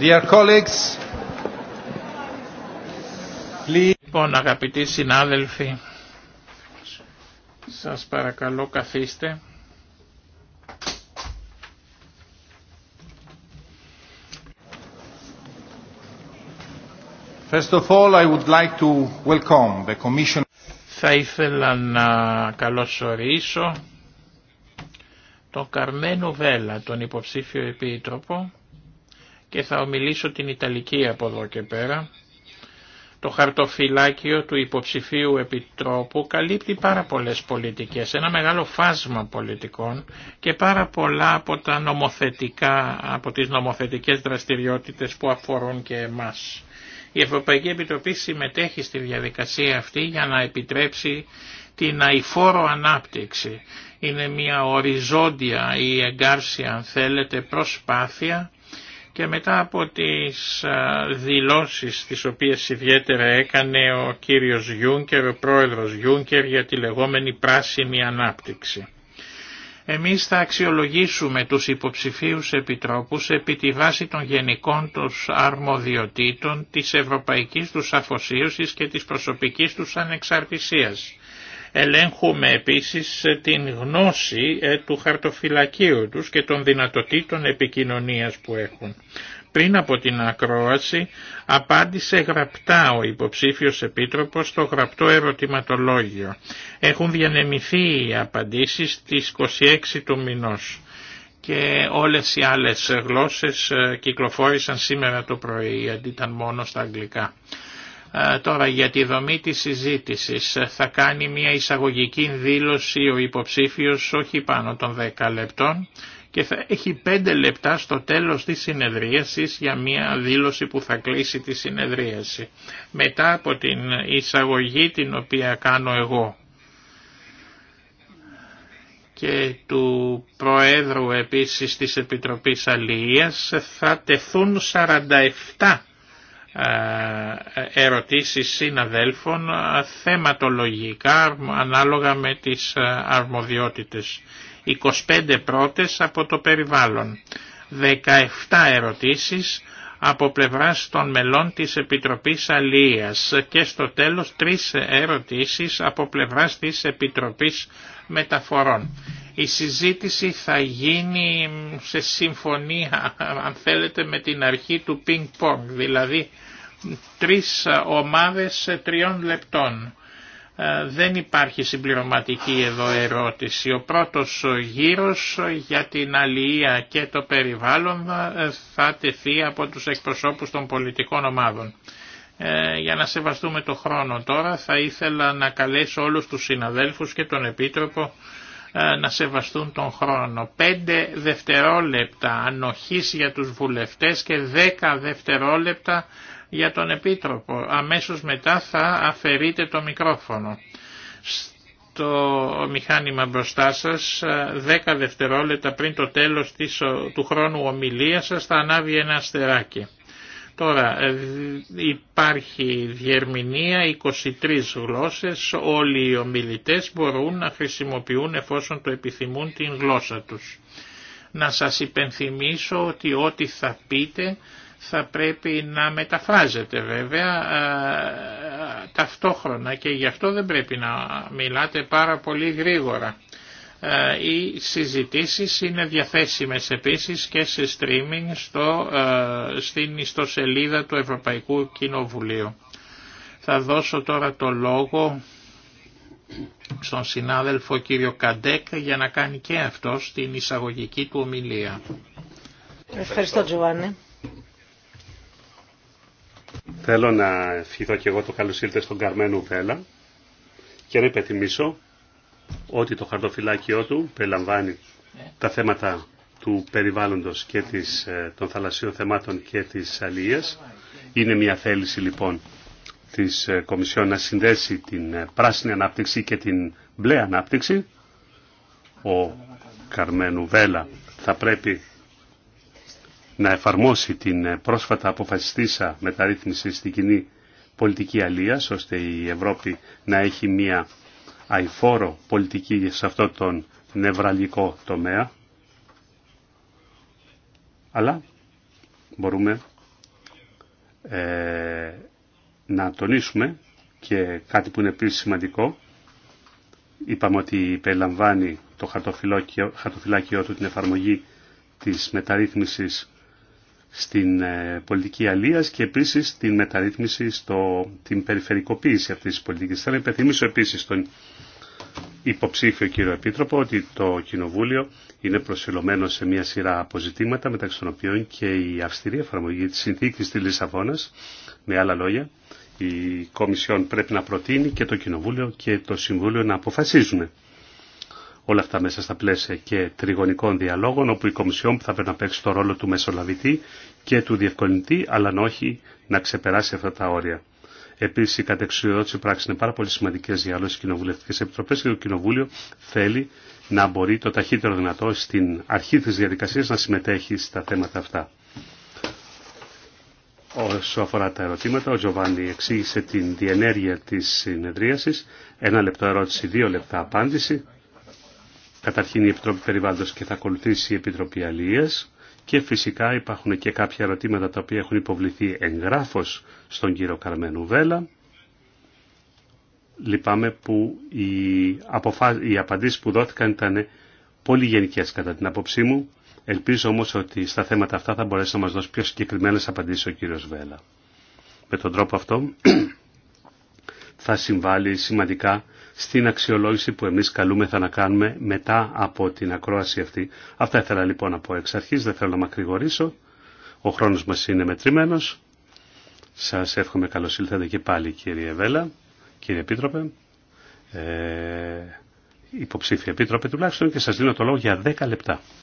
Dear colleagues, please. Λοιπόν, αγαπητοί συνάδελφοι, σας παρακαλώ καθίστε. First of all, I would like to welcome the Commission. Θα ήθελα να καλωσορίσω τον Καρμένο Βέλα, τον υποψήφιο επίτροπο, και θα ομιλήσω την Ιταλική από εδώ και πέρα. Το χαρτοφυλάκιο του υποψηφίου επιτρόπου καλύπτει πάρα πολλές πολιτικές, ένα μεγάλο φάσμα πολιτικών και πάρα πολλά από, τα νομοθετικά, από τις νομοθετικές δραστηριότητες που αφορούν και εμάς. Η Ευρωπαϊκή Επιτροπή συμμετέχει στη διαδικασία αυτή για να επιτρέψει την αηφόρο ανάπτυξη. Είναι μια οριζόντια ή εγκάρσια αν θέλετε προσπάθεια και μετά από τις δηλώσεις τις οποίες ιδιαίτερα έκανε ο κύριος Γιούνκερ, ο πρόεδρος Γιούνκερ για τη λεγόμενη πράσινη ανάπτυξη. Εμείς θα αξιολογήσουμε τους υποψηφίους επιτρόπους επί τη βάση των γενικών τους αρμοδιοτήτων, της ευρωπαϊκής τους αφοσίωσης και της προσωπικής τους ανεξαρτησίας. Ελέγχουμε επίσης ε, την γνώση ε, του χαρτοφυλακίου τους και των δυνατοτήτων επικοινωνίας που έχουν. Πριν από την ακρόαση απάντησε γραπτά ο υποψήφιος επίτροπος στο γραπτό ερωτηματολόγιο. Έχουν διανεμηθεί οι απαντήσεις στις 26 του μηνός και όλες οι άλλες γλώσσες ε, κυκλοφόρησαν σήμερα το πρωί, γιατί ήταν μόνο στα αγγλικά. Ε, τώρα για τη δομή της συζήτησης ε, θα κάνει μια εισαγωγική δήλωση ο υποψήφιος όχι πάνω των 10 λεπτών και θα έχει 5 λεπτά στο τέλος της συνεδρίασης για μια δήλωση που θα κλείσει τη συνεδρίαση. Μετά από την εισαγωγή την οποία κάνω εγώ και του Προέδρου επίσης της Επιτροπής Αλληλείας θα τεθούν 47 ε, ερωτήσεις συναδέλφων ε, θεματολογικά ανάλογα με τις ε, αρμοδιότητες. 25 πρώτες από το περιβάλλον, 17 ερωτήσεις από πλευράς των μελών της Επιτροπής Αλίας και στο τέλος τρεις ερωτήσεις από πλευράς της Επιτροπής Μεταφορών. Η συζήτηση θα γίνει σε συμφωνία, αν θέλετε, με την αρχή του πινκ-πονγκ, δηλαδή τρεις ομάδες τριών λεπτών. Ε, δεν υπάρχει συμπληρωματική εδώ ερώτηση. Ο πρώτος γύρος για την αλληλεία και το περιβάλλον ε, θα τεθεί από τους εκπροσώπους των πολιτικών ομάδων. Ε, για να σεβαστούμε το χρόνο τώρα θα ήθελα να καλέσω όλους τους συναδέλφους και τον Επίτροπο ε, να σεβαστούν τον χρόνο. 5 δευτερόλεπτα ανοχής για τους βουλευτές και 10 δευτερόλεπτα για τον Επίτροπο. Αμέσως μετά θα αφαιρείτε το μικρόφωνο. Στο μηχάνημα μπροστά σας, 10 ε, δευτερόλεπτα πριν το τέλος του χρόνου ομιλίας σας θα ανάβει ένα αστεράκι. Τώρα ε, υπάρχει διερμηνία 23 γλώσσες, όλοι οι ομιλητές μπορούν να χρησιμοποιούν εφόσον το επιθυμούν την γλώσσα τους. Να σας υπενθυμίσω ότι ό,τι θα πείτε θα πρέπει να μεταφράζετε βέβαια ε, ταυτόχρονα και γι' αυτό δεν πρέπει να μιλάτε πάρα πολύ γρήγορα. Ε, οι συζητήσεις είναι διαθέσιμες επίσης και σε streaming στο, ε, στην ιστοσελίδα του Ευρωπαϊκού Κοινοβουλίου. Θα δώσω τώρα το λόγο στον συνάδελφο κύριο Καντέκ για να κάνει και αυτό την εισαγωγική του ομιλία. Ευχαριστώ Τζοβάνι. Θέλω να ευχηθώ και εγώ το καλώς στον Καρμένου Βέλα και να υπενθυμίσω ότι το χαρτοφυλάκιό του περιλαμβάνει ναι. τα θέματα του περιβάλλοντος και της, ε, των θαλασσίων θεμάτων και της αλληλείας. Είναι μια θέληση λοιπόν της ε, Κομισιόν να συνδέσει την ε, πράσινη ανάπτυξη και την μπλε ανάπτυξη. Ο Καρμένου Βέλα θα πρέπει να εφαρμόσει την πρόσφατα αποφασιστήσα μεταρρύθμιση στην κοινή πολιτική αλίας, ώστε η Ευρώπη να έχει μια αϊφόρο πολιτική σε αυτό τον νευραλικό τομέα. Αλλά μπορούμε ε, να τονίσουμε και κάτι που είναι επίσης σημαντικό. Είπαμε ότι περιλαμβάνει το χαρτοφυλάκιο, του την εφαρμογή της μεταρρύθμισης στην ε, πολιτική αλίας και επίσης την μεταρρύθμιση, στο, την περιφερικοποίηση αυτής της πολιτικής. Θέλω να υπενθυμίσω επίσης τον υποψήφιο κύριο Επίτροπο ότι το Κοινοβούλιο είναι προσφυλωμένο σε μια σειρά αποζητήματα μεταξύ των οποίων και η αυστηρή εφαρμογή της συνθήκης της Λισαβόνας. Με άλλα λόγια, η Κομισιόν πρέπει να προτείνει και το Κοινοβούλιο και το Συμβούλιο να αποφασίζουν όλα αυτά μέσα στα πλαίσια και τριγωνικών διαλόγων, όπου η Κομισιόν θα πρέπει να παίξει το ρόλο του μεσολαβητή και του διευκολυντή, αλλά όχι να ξεπεράσει αυτά τα όρια. Επίση, η κατεξουδότηση πράξη είναι πάρα πολύ σημαντικέ για άλλε κοινοβουλευτικέ επιτροπέ και το Κοινοβούλιο θέλει να μπορεί το ταχύτερο δυνατό στην αρχή τη διαδικασία να συμμετέχει στα θέματα αυτά. Όσο αφορά τα ερωτήματα, ο Τζοβάνι εξήγησε την διενέργεια της συνεδρίασης. Ένα λεπτό ερώτηση, δύο λεπτά απάντηση καταρχήν η Επιτροπή Περιβάλλοντος και θα ακολουθήσει η Επιτροπή Αλίας και φυσικά υπάρχουν και κάποια ερωτήματα τα οποία έχουν υποβληθεί εγγράφως στον κύριο Καρμένου Βέλα. Λυπάμαι που οι, αποφα... απαντήσεις που δόθηκαν ήταν πολύ γενικές κατά την απόψή μου. Ελπίζω όμως ότι στα θέματα αυτά θα μπορέσει να μας δώσει πιο συγκεκριμένες απαντήσεις ο κύριος Βέλα. Με τον τρόπο αυτό θα συμβάλλει σημαντικά στην αξιολόγηση που εμείς καλούμεθα να κάνουμε μετά από την ακρόαση αυτή. Αυτά ήθελα λοιπόν από εξ αρχής, δεν θέλω να μακρηγορήσω. Ο χρόνος μας είναι μετρημένος. Σας εύχομαι καλώς ήλθατε και πάλι κύριε Εβέλα, κύριε Επίτροπε, ε, υποψήφια Επίτροπε τουλάχιστον και σας δίνω το λόγο για 10 λεπτά.